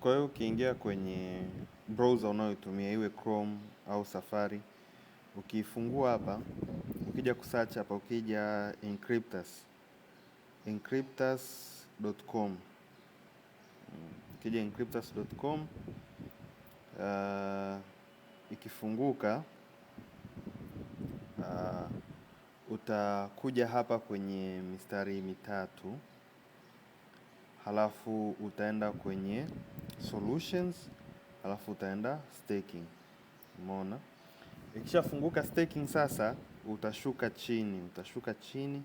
Kwa hiyo ukiingia kwenye browser unayotumia iwe Chrome au Safari, ukiifungua hapa, ukija kusearch hapa, ukija encryptus encryptus.com, ukija encryptus.com uh, ikifunguka uh, utakuja hapa kwenye mistari mitatu halafu utaenda kwenye solutions, halafu utaenda staking. Umeona, ikishafunguka staking sasa, utashuka chini, utashuka chini,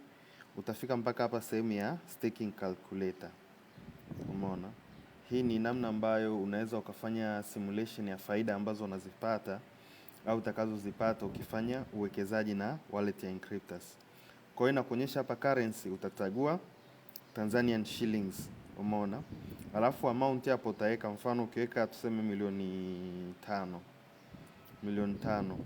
utafika mpaka hapa sehemu ya staking calculator. Umeona, hii ni namna ambayo unaweza ukafanya simulation ya faida ambazo unazipata au utakazozipata ukifanya uwekezaji na wallet ya Inkryptus. Kwa hiyo inakuonyesha hapa currency, utachagua Tanzanian shillings. Umeona? Alafu amount hapo utaweka mfano, ukiweka tuseme milioni tano, milioni tano,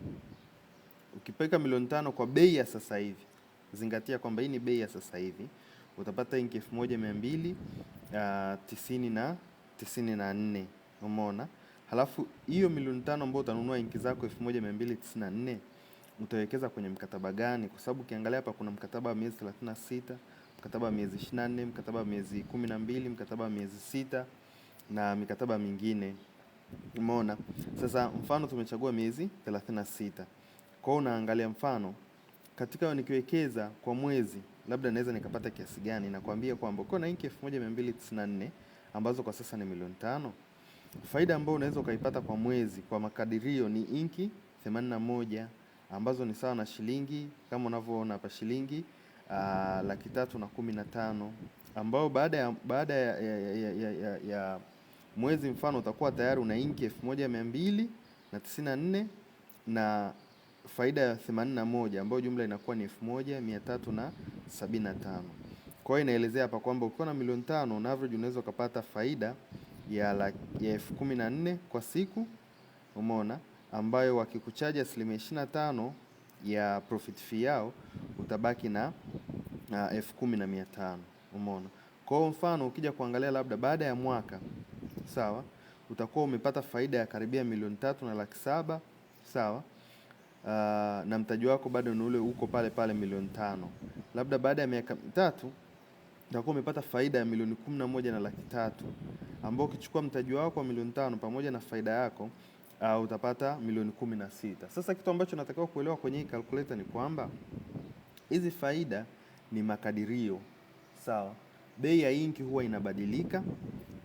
ukipeka milioni tano kwa bei ya sasa hivi, zingatia kwamba hii ni bei ya sasa hivi, utapata inki elfu moja mia mbili ah, tisini na tisini na nne. Umeona? Halafu hiyo milioni tano ambayo utanunua inki zako elfu moja mia mbili tisini na nne utawekeza kwenye mkataba gani? Kwa sababu ukiangalia hapa kuna mkataba wa miezi 36 mkataba wa miezi 24, mkataba wa miezi 12, mkataba wa miezi sita na mikataba mingine. Umeona? Sasa mfano tumechagua miezi 36. Kwa hiyo unaangalia mfano katika nikiwekeza kwa mwezi labda naweza nikapata kiasi gani? Nakwambia kwamba uko na inki 1294 ambazo kwa sasa ni milioni tano. Faida ambayo unaweza ukaipata kwa mwezi kwa makadirio ni inki 81 ambazo ni sawa na shilingi kama unavyoona hapa shilingi 1000 Ah, laki tatu na kumi na tano ambao baada ya, baada ya, ya, ya, ya, ya, ya mwezi mfano utakuwa tayari una inki elfu moja mia mbili na tisini na nne na faida ya themanini na moja ambayo jumla inakuwa ni elfu moja mia tatu na na sabini tano Kwa hiyo inaelezea hapa kwamba ukiwa na milioni tano na average unaweza ukapata faida ya elfu kumi na nne kwa siku umeona, ambayo wakikuchaji asilimia na tano ya profit fee yao utabaki na elfu kumi na mia tano. Umeona? Kwa hiyo mfano ukija kuangalia labda baada ya mwaka sawa, utakuwa umepata faida ya karibia milioni tatu na laki saba sawa. Uh, na mtaji wako bado ni ule uko pale pale milioni tano. Labda baada ya miaka mitatu utakuwa umepata faida ya milioni kumi na moja na laki tatu ambao ukichukua mtaji wako wa milioni tano pamoja na faida yako uh, utapata milioni kumi na sita. Sasa kitu ambacho natakiwa kuelewa kwenye hii calculator ni kwamba hizi faida ni makadirio sawa. Bei ya inki huwa inabadilika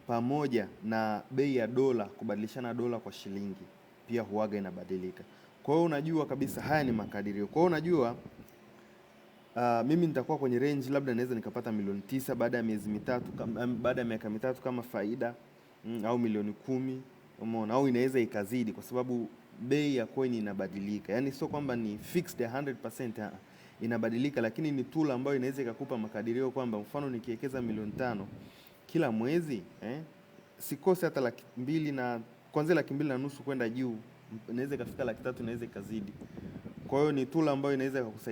pamoja na bei ya dola, kubadilishana dola kwa shilingi pia huaga inabadilika. Kwa hiyo unajua kabisa haya ni makadirio. Kwa hiyo unajua Uh, mimi nitakuwa kwenye range labda naweza nikapata milioni tisa baada ya miezi mitatu eh, baada ya miaka mitatu kama faida mm, au milioni kumi umeona, au inaweza ikazidi, kwa sababu bei ya coin inabadilika, yaani sio kwamba ni fixed 100% inabadilika, lakini ni tool ambayo inaweza ikakupa makadirio kwamba mfano nikiwekeza milioni tano kila mwezi eh, sikose hata laki mbili na kwanzia laki mbili na nusu kwenda juu, inaweza ikafika laki tatu, inaweza ikazidi. Kwa hiyo ni tool ambayo inaweza ikakusaidia.